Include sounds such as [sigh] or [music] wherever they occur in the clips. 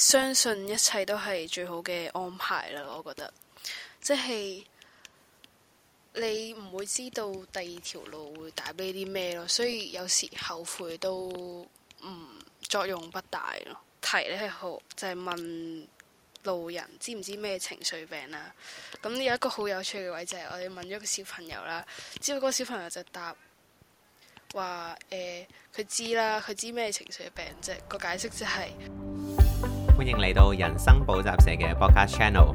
相信一切都係最好嘅安排啦，我覺得，即係你唔會知道第二條路會帶俾啲咩咯，所以有時後悔都唔作用不大咯。題呢係好就係、是、問路人知唔知咩情緒病啦、啊？咁有一個好有趣嘅位就係我哋問咗個小朋友啦，之後嗰個小朋友就答：話誒，佢、呃、知啦，佢知咩情緒病啫？那個解釋就係、是。歡迎嚟到人生補習社嘅播客 channel，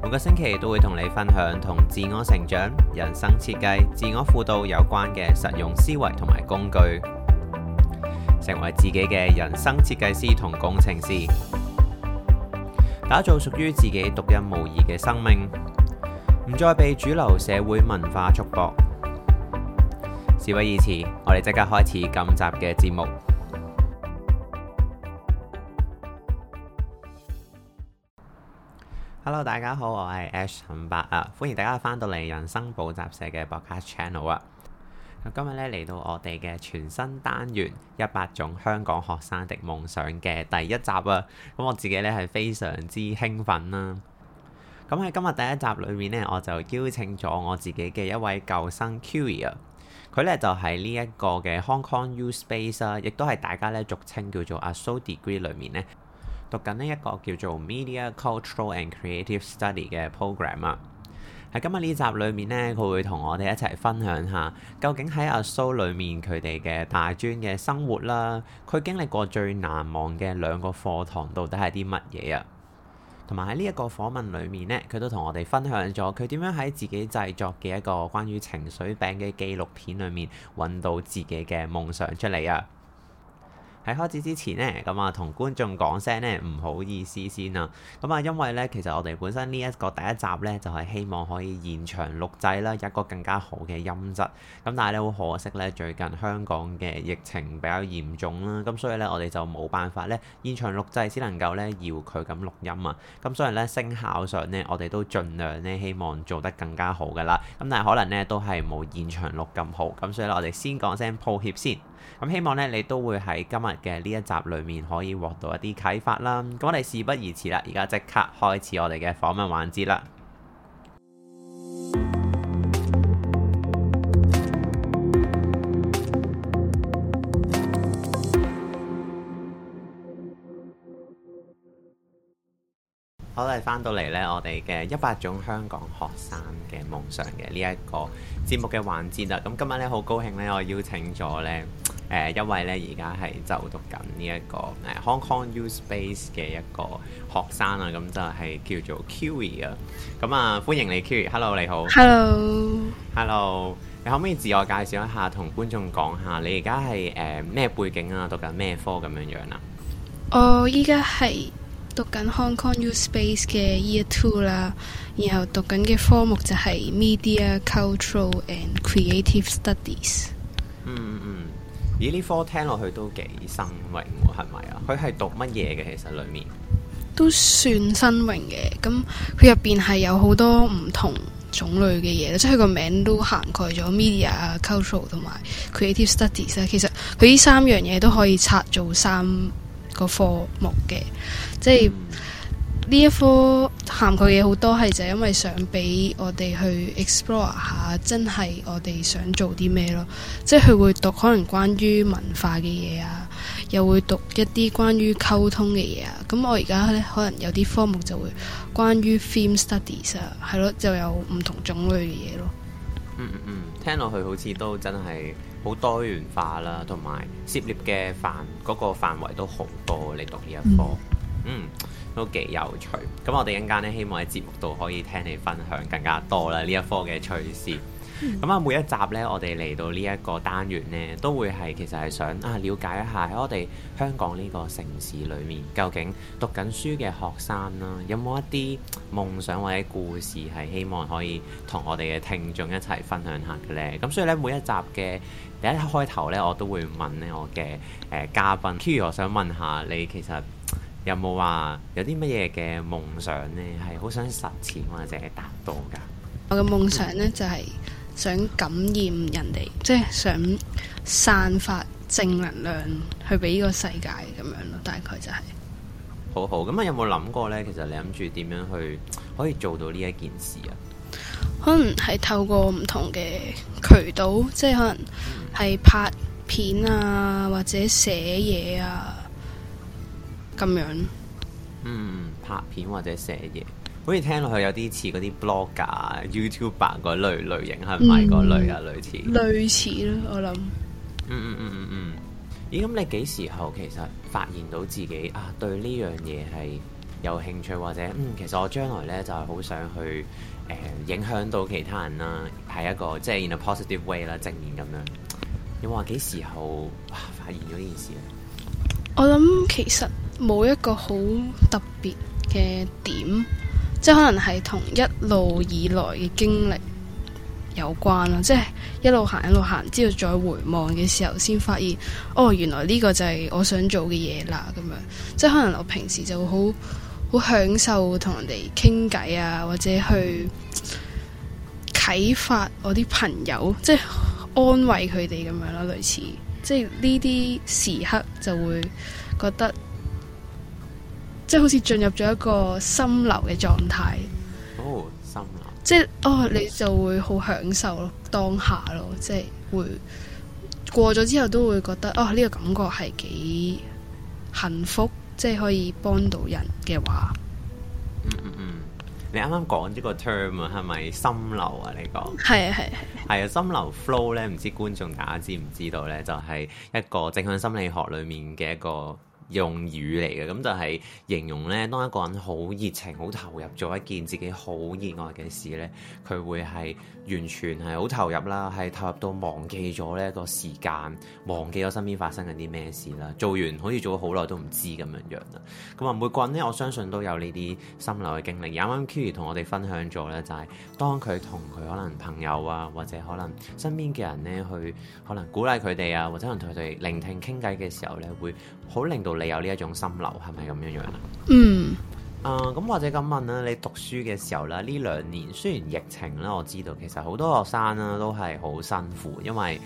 每個星期都會同你分享同自我成長、人生設計、自我輔導有關嘅實用思維同埋工具，成為自己嘅人生設計師同工程師，打造屬於自己獨一無二嘅生命，唔再被主流社會文化束縛。事不宜遲，我哋即刻開始今集嘅節目。Hello，大家好，我係 Ash 陳伯啊，歡迎大家翻到嚟人生補習社嘅播客 channel 啊。今日咧，嚟到我哋嘅全新單元《一百種香港學生的夢想》嘅第一集啊，咁我自己咧，係非常之興奮啦。咁、啊、喺今日第一集裏面呢，我就邀請咗我自己嘅一位舊生 Kiwi 佢咧，就喺呢一個嘅 Hong Kong U Space 啦、啊，亦都係大家咧俗稱叫做 Asso Degree 裏面咧。啊讀緊呢一個叫做 Media Cultural and Creative Study 嘅 program 啊，喺今日呢集裏面呢，佢會同我哋一齊分享下究竟喺 Asso 裏面佢哋嘅大專嘅生活啦、啊。佢經歷過最難忘嘅兩個課堂到底係啲乜嘢啊？同埋喺呢一個訪問裏面呢，佢都同我哋分享咗佢點樣喺自己製作嘅一個關於情緒病嘅紀錄片裏面揾到自己嘅夢想出嚟啊！喺開始之前呢，咁啊，同觀眾講聲呢，唔好意思先呀。咁啊，因為呢，其實我哋本身呢一個第一集呢，就係希望可以現場錄製啦，一個更加好嘅音質。咁但係呢，好可惜呢，最近香港嘅疫情比較嚴重啦，咁所以呢，我哋就冇辦法呢，現場錄製，只能夠呢，搖佢咁錄音啊。咁所以呢，聲效上呢，我哋都盡量呢，希望做得更加好㗎喇。咁但係可能呢，都係冇現場錄咁好。咁所以，我哋先講聲抱歉先。咁希望咧，你都會喺今日嘅呢一集裏面可以獲得一啲啟發啦。咁我哋事不宜遲啦，而家即刻開始我哋嘅訪問環節啦。好啦，翻到嚟咧，我哋嘅一百種香港學生嘅夢想嘅、嗯、呢一個節目嘅環節啦。咁今日咧好高興咧，我邀請咗咧誒一位咧而家係就讀緊呢一個誒 Hong Kong U Space 嘅一個學生啊。咁、嗯、就係、是、叫做 Kiwi 啊。咁、嗯、啊，歡迎你 Kiwi，Hello 你好。Hello，Hello，Hello, 你可唔可以自我介紹一下，同觀眾講下你而家係誒咩背景啊，讀緊咩科咁樣樣啊？哦、oh,，依家係。讀緊 Hong Kong U Space 嘅 Year Two 啦，然後讀緊嘅科目就係 Media, Cultural and Creative Studies。嗯嗯嗯，咦、嗯？呢科聽落去都幾新穎，係咪啊？佢係讀乜嘢嘅？其實裏面都算新穎嘅。咁佢入邊係有好多唔同種類嘅嘢咯，即係佢個名都涵蓋咗 Media、Cultural 同埋 Creative Studies。其實佢呢三樣嘢都可以拆做三個科目嘅。即係呢一科涵蓋嘅嘢好多，係就係因為想俾我哋去 explore 下，真係我哋想做啲咩咯。即係佢會讀可能關於文化嘅嘢啊，又會讀一啲關於溝通嘅嘢啊。咁我而家咧可能有啲科目就會關於 theme studies 啊，係咯，就有唔同種類嘅嘢咯。嗯嗯嗯，聽落去好似都真係好多元化啦，同埋涉獵嘅範嗰、嗰個範圍都好多。你讀呢一科。嗯嗯，都幾有趣。咁我哋一陣間呢，希望喺節目度可以聽你分享更加多啦，呢一科嘅趣事。咁啊、嗯，每一集呢，我哋嚟到呢一個單元呢，都會係其實係想啊，了解一下喺我哋香港呢個城市裏面，究竟讀緊書嘅學生啦，有冇一啲夢想或者故事係希望可以同我哋嘅聽眾一齊分享下嘅呢。咁所以呢，每一集嘅第一開頭呢，我都會問呢我嘅誒嘉賓，譬如我想問下你其實。有冇話有啲乜嘢嘅夢想呢？係好想實踐或者達到噶？我嘅夢想呢，就係、想感染人哋，即、係想散發正能量去俾呢個世界咁樣咯，大概就係。好好，咁啊有冇諗過呢？其實你諗住點樣去可以做到呢一件事啊？可能係透過唔同嘅渠道，即、係可能係拍片啊，或者寫嘢啊。咁樣，嗯，拍片或者寫嘢，好似聽落去有啲似嗰啲 blog 啊、YouTuber 嗰類類型，係咪嗰類啊？嗯、類似類似咯，我諗、嗯，嗯嗯嗯嗯嗯。咦，咁你幾時候其實發現到自己啊，對呢樣嘢係有興趣，或者嗯，其實我將來咧就係、是、好想去誒、呃，影響到其他人啦，係一個即係 in a positive way 啦，正面咁樣。你話幾時候、啊、發現咗呢件事啊？我諗其實。冇一個好特別嘅點，即係可能係同一路以來嘅經歷有關咯。即係一路行一路行，之後再回望嘅時候，先發現哦，原來呢個就係我想做嘅嘢啦。咁樣即係可能我平時就好好享受同人哋傾偈啊，或者去啟發我啲朋友，即係安慰佢哋咁樣咯，類似即係呢啲時刻就會覺得。即係好似進入咗一個心流嘅狀態，哦，心流，即係哦，你就會好享受咯，當下咯，即係會過咗之後都會覺得哦呢個感覺係幾幸福，即係可以幫到人嘅話，嗯嗯嗯，你啱啱講呢個 term 啊，係咪心流啊？你講係啊係係係啊，心 [laughs] 流 flow 咧，唔知觀眾大家知唔知道咧，就係一個正向心理學裏面嘅一個。用語嚟嘅，咁就係形容呢。當一個人好熱情、好投入做一件自己好熱愛嘅事呢，佢會係完全係好投入啦，係投入到忘記咗呢個時間，忘記咗身邊發生緊啲咩事啦，做完好似做好耐都唔知咁樣樣啦。咁啊，每個人呢，我相信都有呢啲心流嘅經歷。啱啱 Kiwi 同我哋分享咗呢，就係、是、當佢同佢可能朋友啊，或者可能身邊嘅人呢，去可能鼓勵佢哋啊，或者可能同佢哋聆聽傾偈嘅時候呢，會。好令到你有呢一種心流，係咪咁樣樣啊？嗯，啊咁、uh, 或者咁問啦，你讀書嘅時候啦，呢兩年雖然疫情啦，我知道其實好多學生啦都係好辛苦，因為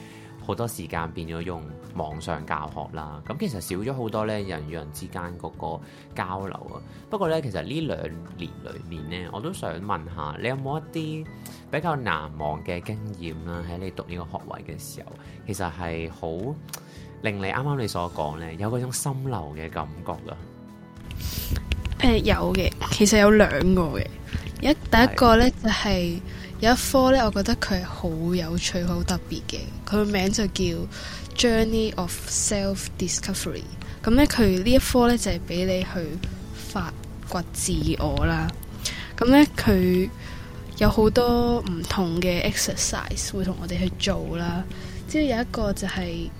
好多時間變咗用網上教學啦。咁其實少咗好多咧人與人之間嗰個交流啊。不過咧，其實呢兩年裏面咧，我都想問下你有冇一啲比較難忘嘅經驗啦？喺你讀呢個學位嘅時候，其實係好。令你啱啱你所講呢，有嗰種心流嘅感覺啦。誒、呃，有嘅，其實有兩個嘅。一第一個呢，的就係有一科呢，我覺得佢係好有趣、好特別嘅。佢個名就叫 Journey of Self Discovery。咁呢，佢、嗯、呢一科呢，就係、是、俾你去發掘自我啦。咁、嗯、呢，佢有好多唔同嘅 exercise 會同我哋去做啦。即係有一個就係、是。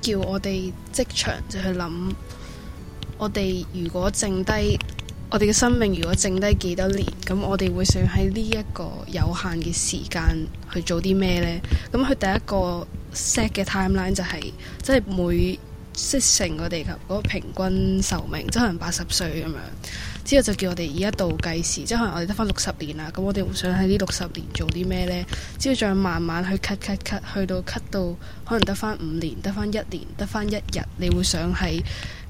叫我哋即場就去諗，我哋如果剩低，我哋嘅生命如果剩低幾多年，咁我哋會想喺呢一個有限嘅時間去做啲咩呢？咁佢第一個 set 嘅 timeline 就係，即係每息成個地球嗰個平均壽命，即係可能八十歲咁樣。之後就叫我哋而家倒計時，即係可能我哋得翻六十年啦，咁我哋會想喺呢六十年做啲咩呢？之後再慢慢去 cut cut cut，去到 cut 到可能得翻五年，得翻一年，得翻一日，你會想喺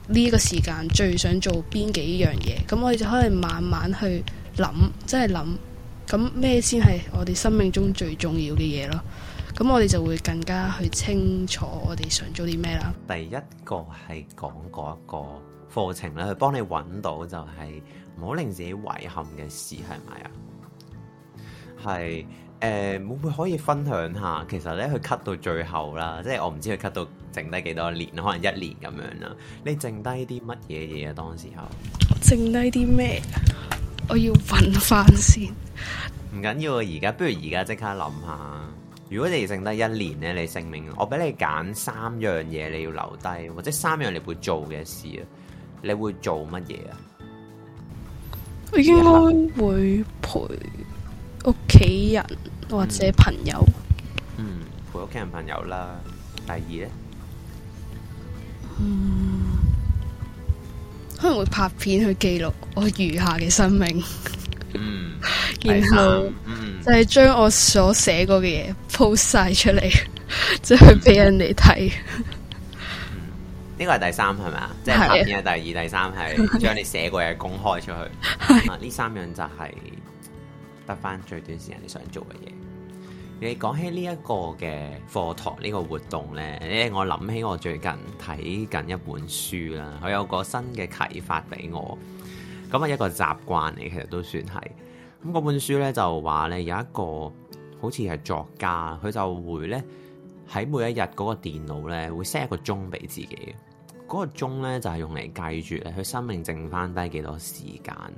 呢個時間最想做邊幾樣嘢？咁我哋就可以慢慢去諗，即係諗，咁咩先係我哋生命中最重要嘅嘢咯？咁我哋就會更加去清楚我哋想做啲咩啦。第一個係講過一個。課程咧，去幫你揾到就係唔好令自己遺憾嘅事，係咪啊？係，誒、呃，會唔會可以分享下？其實咧，佢 cut 到最後啦，即係我唔知佢 cut 到剩低幾多年，可能一年咁樣啦。你剩低啲乜嘢嘢啊？當時候剩低啲咩？我要揾翻先。唔緊要啊，而家不如而家即刻諗下。如果你剩低一年咧，你性命，我俾你揀三樣嘢，你要留低，或者三樣你會做嘅事啊。你會做乜嘢啊？我應該會陪屋企人或者朋友。嗯，嗯，陪屋企人朋友啦。第二咧，嗯，可能會拍片去記錄我餘下嘅生命。嗯， [laughs] 然後就係將我所寫過嘅嘢 post 晒出嚟，即係俾人哋睇。呢個係第三係咪啊？的即係拍片嘅係第二、第三係將你寫過嘢公開出去。呢、 [laughs] 啊、三樣就係得翻最短時間你想做嘅嘢。你講起呢一個嘅課堂呢個活動呢，我諗起我最近睇緊一本書啦，佢有個新嘅啟發俾我。咁啊，一個習慣嚟，其實都算係。咁嗰本書呢，就話呢有一個好似係作家，佢就會呢喺每一日嗰個電腦呢，會 set 一個鐘俾自己。嗰個鐘咧就係用嚟計住咧佢生命剩翻低幾多時間啊！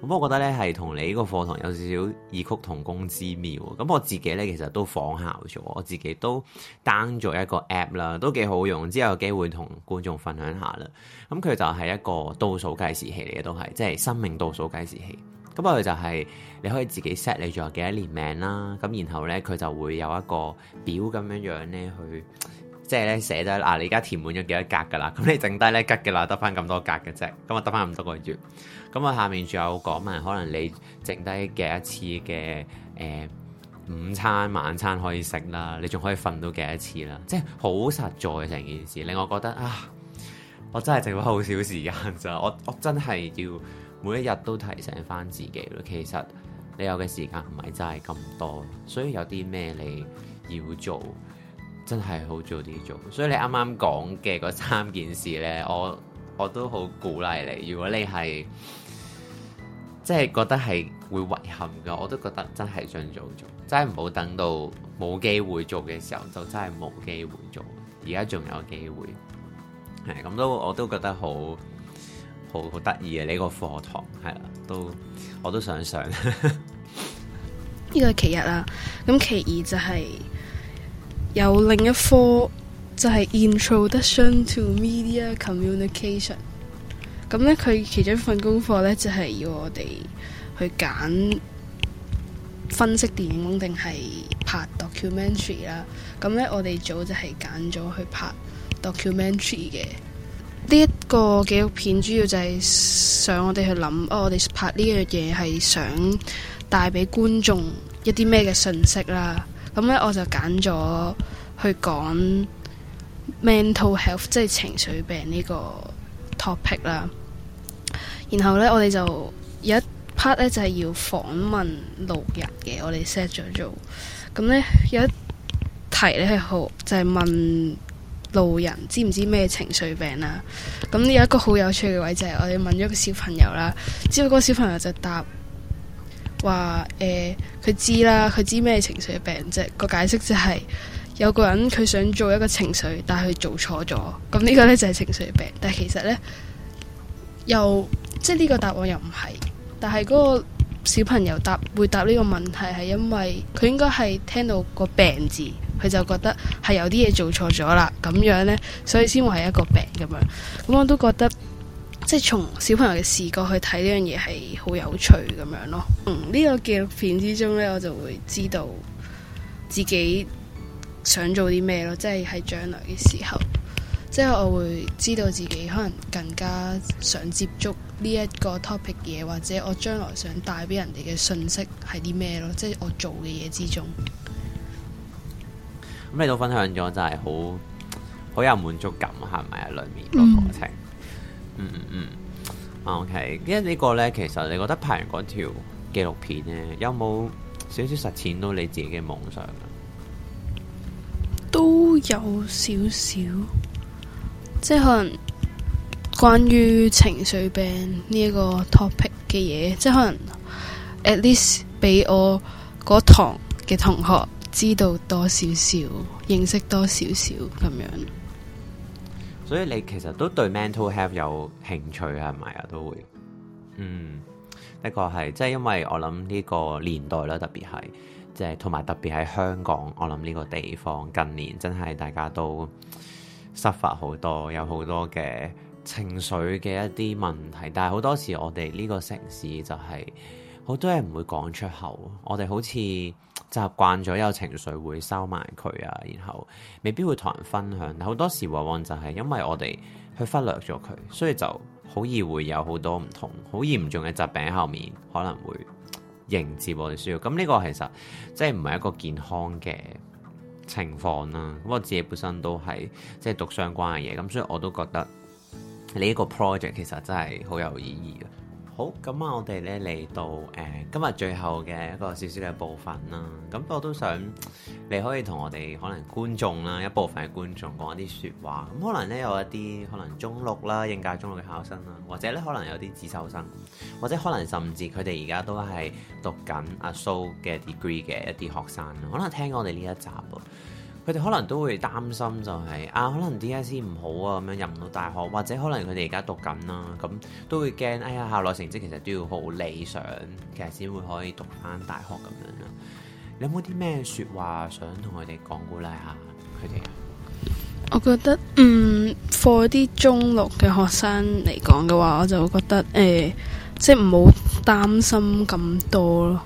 咁不過我覺得咧係同你呢個課堂有少少異曲同工之妙。咁我自己咧其實都仿效咗，我自己都 down 咗一個 app 啦，都幾好用。之後有機會同觀眾分享下啦。咁佢就係一個倒數計時器嚟嘅，都係即係生命倒數計時器。咁佢就係你可以自己 set 你仲有幾多年命啦。咁然後咧佢就會有一個表咁樣樣咧去。即係咧寫咗，嗱、啊、你而家填滿咗幾多格噶啦？咁你剩低咧吉嘅啦，得翻咁多格嘅啫。咁啊得翻咁多個月。咁啊下面仲有講埋，可能你剩低幾多次嘅誒、呃、午餐晚餐可以食啦，你仲可以瞓到幾多次啦？即係好實在嘅成件事，令我覺得啊，我真係剩翻好少時間咋。我我真係要每一日都提醒翻自己咯。其實你有嘅時間唔係真係咁多，所以有啲咩你要做。真係好早啲做。所以你啱啱講嘅嗰三件事呢，我我都好鼓勵你。如果你係即係覺得係會遺憾嘅，我都覺得真係盡早做，真係唔好等到冇機會做嘅時候，就真係冇機會做。而家仲有機會，係咁都我都覺得好好得意嘅呢個課堂，係啦，都我都想上。呢個係其一啦，咁其二就係、是。有另一科就係、是、Introduction to Media Communication，咁呢，佢、嗯、其中一份功課呢，就係、是、要我哋去揀分析電影定係拍 documentary 啦。咁、嗯、呢，我哋早就係揀咗去拍 documentary 嘅。呢、這、一個紀錄片主要就係想我哋去諗，哦、啊，我哋拍呢樣嘢係想帶畀觀眾一啲咩嘅信息啦。咁咧、嗯、我就揀咗去講 mental health，即係情緒病呢個 topic 啦。然後呢，我哋就有一 part 呢，就係、是、要訪問路人嘅，我哋 set 咗做。咁、嗯、呢，有一題咧係好就係、是、問路人知唔知咩情緒病啦？咁、嗯、有一個好有趣嘅位就係、是、我哋問咗個小朋友啦，之後嗰個小朋友就答。話誒，佢、欸，知啦，佢知咩情緒病啫？個解釋就係、是、有個人佢想做一個情緒，但係佢做錯咗，咁呢個呢，就係、是、情緒病。但係其實呢，又即係呢個答案又唔係。但係嗰個小朋友答回答呢個問題係因為佢應該係聽到個病字，佢就覺得係有啲嘢做錯咗啦，咁樣呢，所以先會係一個病咁樣。咁我都覺得。即係從小朋友嘅視角去睇呢樣嘢係好有趣咁樣咯。嗯，呢個紀錄片之中呢，我就會知道自己想做啲咩咯，即係喺將來嘅時候，即係我會知道自己可能更加想接觸呢一個 topic 嘅嘢，或者我將來想帶俾人哋嘅信息係啲咩咯，即係我做嘅嘢之中。咁你都分享咗，就係好好有滿足感，係咪啊？裏面個過程。嗯嗯嗯嗯，OK，因為呢個呢，其實你覺得拍完嗰條紀錄片呢，有冇少少實踐到你自己嘅夢想？都有少少，即係可能關於情緒病呢一個 topic 嘅嘢，即係可能 at least 俾我嗰堂嘅同學知道多少少，認識多少少咁樣。所以你其實都對 mental health 有興趣係咪啊？都會，嗯，的確係，即係因為我諗呢個年代啦，特別係，即係同埋特別係香港，我諗呢個地方近年真係大家都 suffer 好多，有好多嘅情緒嘅一啲問題，但係好多時我哋呢個城市就係、是、好多人唔會講出口，我哋好似。習慣咗有情緒會收埋佢啊，然後未必會同人分享。但好多時往往就係因為我哋去忽略咗佢，所以就好易會有好多唔同好嚴重嘅疾病喺後面，可能會迎接我哋需要。咁呢個其實即係唔係一個健康嘅情況啦。我自己本身都係即係讀相關嘅嘢，咁所以我都覺得你呢個 project 其實真係好有意義。好咁啊！我哋咧嚟到誒、呃、今日最後嘅一個少少嘅部分啦。咁不過都想你可以同我哋可能觀眾啦，一部分嘅觀眾講一啲説話。咁、嗯、可能咧有一啲可能中六啦，應屆中六嘅考生啦，或者咧可能有啲自修生，或者可能甚至佢哋而家都係讀緊阿蘇、so、嘅 degree 嘅一啲學生，可能聽我哋呢一集。佢哋可能都會擔心，就是，就係啊，可能 DSE 唔好啊，咁樣入唔到大學，或者可能佢哋而家讀緊啦，咁都會驚。哎呀，校內成績其實都要好理想，其實先會可以讀返大學咁樣啦。你有冇啲咩説話想同佢哋講？鼓勵下佢哋。我覺得，嗯，for 啲中六嘅學生嚟講嘅話，我就覺得誒、呃，即係唔好擔心咁多咯，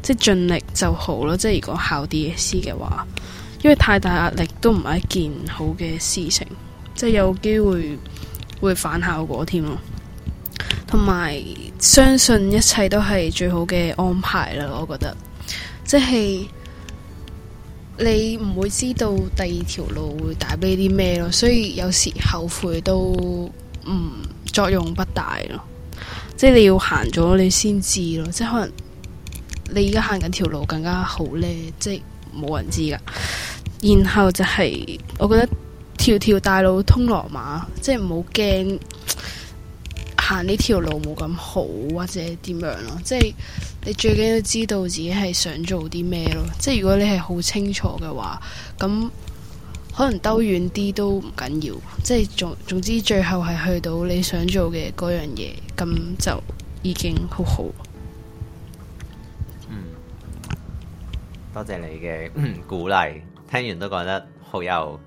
即係盡力就好咯。即係如果考 DSE 嘅話。因為太大壓力都唔係一件好嘅事情，即係有機會會反效果添咯。同埋相信一切都係最好嘅安排啦，我覺得即係你唔會知道第二條路會帶俾你啲咩咯，所以有時後悔都唔作用不大咯。即係你要行咗你先知咯，即係可能你而家行緊條路更加好呢，即係冇人知噶。然後就係、是，我覺得條條大路通羅馬，即係唔好驚行呢條路冇咁好或者點樣咯。即係你最緊要知道自己係想做啲咩咯。即係如果你係好清楚嘅話，咁可能兜遠啲都唔緊要。即係總總之，最後係去到你想做嘅嗰樣嘢，咁就已經好好、嗯。多謝你嘅、嗯、鼓勵。聽完都覺得好有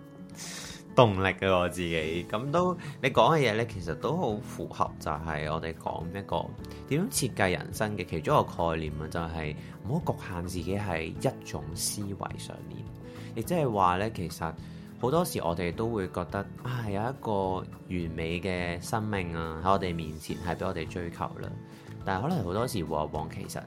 動力嘅我自己，咁都你講嘅嘢呢，其實都好符合就係我哋講一個點樣設計人生嘅其中一個概念啊，就係唔好局限自己係一種思維上面，亦即係話呢，其實好多時我哋都會覺得啊，有一個完美嘅生命啊喺我哋面前係俾我哋追求啦，但係可能好多時往往其實。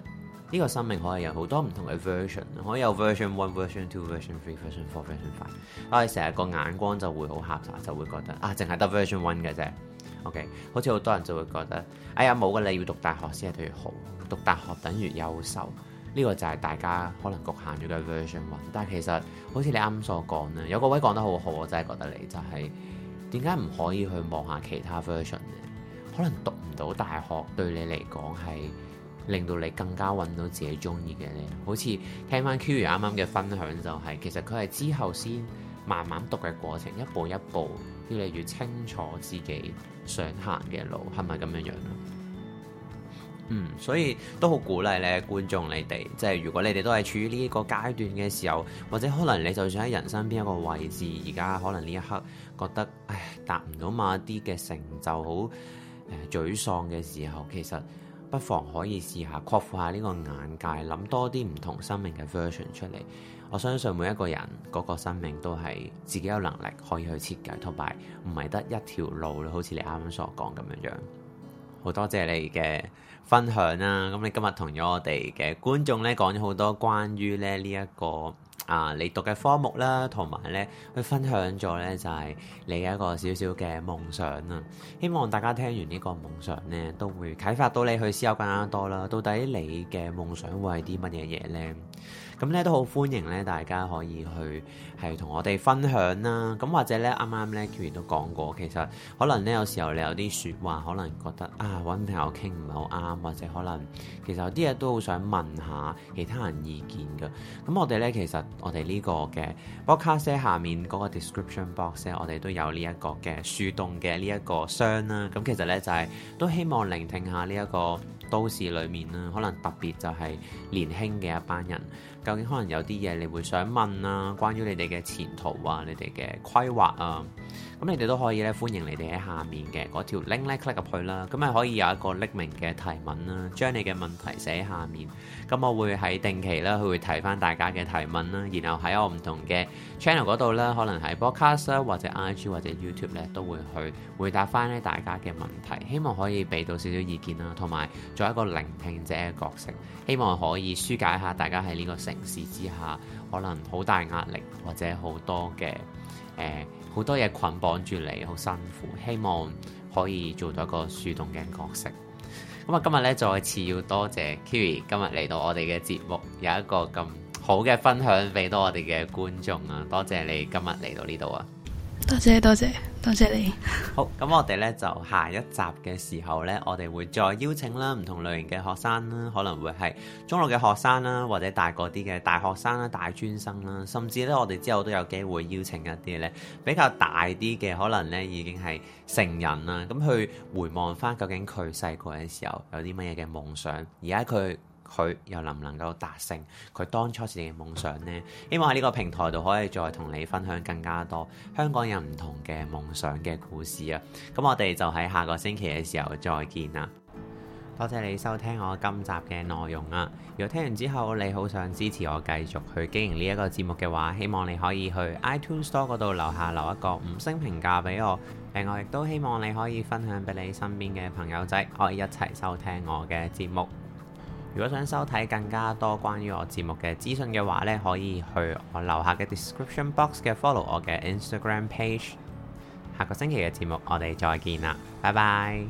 呢個生命可以有好多唔同嘅 version，可以有 version one、version two、version three、version four、version five。我哋成日個眼光就會好狹窄，就會覺得啊，淨係得 version one 嘅啫。OK，好似好多人就會覺得，哎呀冇㗎，你要讀大學先係最好，讀大學等於優秀。呢個就係大家可能局限咗嘅 version one。但係其實好似你啱所講咧，有個位講得好好，我真係覺得你就係點解唔可以去望下其他 version 呢？可能讀唔到大學對你嚟講係。令到你更加揾到自己鍾意嘅咧，好似聽返 Kiwi 啱啱嘅分享就係、是，其實佢係之後先慢慢讀嘅過程，一步一步越嚟越清楚自己想行嘅路，係咪咁樣樣？嗯，所以都好鼓勵咧，觀眾你哋，即係如果你哋都係處於呢一個階段嘅時候，或者可能你就算喺人生邊一個位置，而家可能呢一刻覺得唉達唔到某啲嘅成就，好誒、呃、沮喪嘅時候，其實。不妨可以試下擴闊下呢個眼界，諗多啲唔同生命嘅 version 出嚟。我相信每一個人嗰個生命都係自己有能力可以去設計，同埋唔係得一條路咯。好似你啱啱所講咁樣樣，好多謝你嘅分享啦。咁你今日同咗我哋嘅觀眾咧講咗好多關於咧呢一個。啊！你讀嘅科目啦，同埋咧，去分享咗咧，就係你嘅一個少少嘅夢想啊！希望大家聽完呢個夢想咧，都會啟發到你去思考更加多啦。到底你嘅夢想會係啲乜嘢嘢咧？咁咧都好歡迎咧，大家可以去係同我哋分享啦。咁或者咧，啱啱咧 Kiwi 都講過，其實可能咧有時候你有啲説話，可能覺得啊揾朋友傾唔係好啱，或者可能其實有啲嘢都好想問下其他人意見噶。咁我哋咧，其實我哋呢個嘅 podcast 下面嗰個 description box 咧，我哋都有呢一個嘅樹洞嘅呢一個箱啦。咁其實咧就係、是、都希望聆聽下呢一個都市裏面啦，可能特別就係年輕嘅一班人。究竟可能有啲嘢你會想問啊，關於你哋嘅前途啊，你哋嘅規劃啊，咁你哋都可以咧歡迎你哋喺下面嘅嗰條 link click 入去啦，咁咪可以有一個匿名嘅提問啦、啊，將你嘅問題寫喺下面，咁我會喺定期咧佢會提翻大家嘅提問啦、啊，然後喺我唔同嘅 channel 度咧，可能喺 podcast、啊、或者 IG 或者 YouTube 咧都會去回答翻咧大家嘅問題，希望可以俾到少少意見啦、啊，同埋做一個聆聽者嘅角色，希望可以舒解一下大家喺呢、呢個。城市之下，可能好大壓力，或者好多嘅誒，好多嘢捆綁住你，好辛苦。希望可以做到個樹洞嘅角色。咁啊，今日咧再次要多謝 Kiwi 今日嚟到我哋嘅節目，有一個咁好嘅分享俾到我哋嘅觀眾啊！多謝你今日嚟到呢度啊！多謝多謝。多謝你。好，咁我哋呢就下一集嘅時候呢，我哋會再邀請啦，唔同類型嘅學生啦，可能會係中六嘅學生啦，或者大個啲嘅大學生啦、大專生啦，甚至呢，我哋之後都有機會邀請一啲呢比較大啲嘅，可能呢已經係成人啦，咁去回望返究竟佢細個嘅時候有啲乜嘢嘅夢想，而家佢。佢又能唔能夠達成佢當初自己嘅夢想呢？希望喺呢個平台度可以再同你分享更加多香港人唔同嘅夢想嘅故事啊！咁我哋就喺下個星期嘅時候再見啦！多謝你收聽我今集嘅內容啊！如果聽完之後你好想支持我繼續去經營呢一個節目嘅話，希望你可以去 iTunes Store 度留下留一個五星評價俾我，另外亦都希望你可以分享俾你身邊嘅朋友仔可以一齊收聽我嘅節目。如果想收睇更加多關於我節目嘅資訊嘅話呢，可以去我樓下嘅 description box 嘅 follow 我嘅 Instagram page。下個星期嘅節目我哋再見啦，拜拜。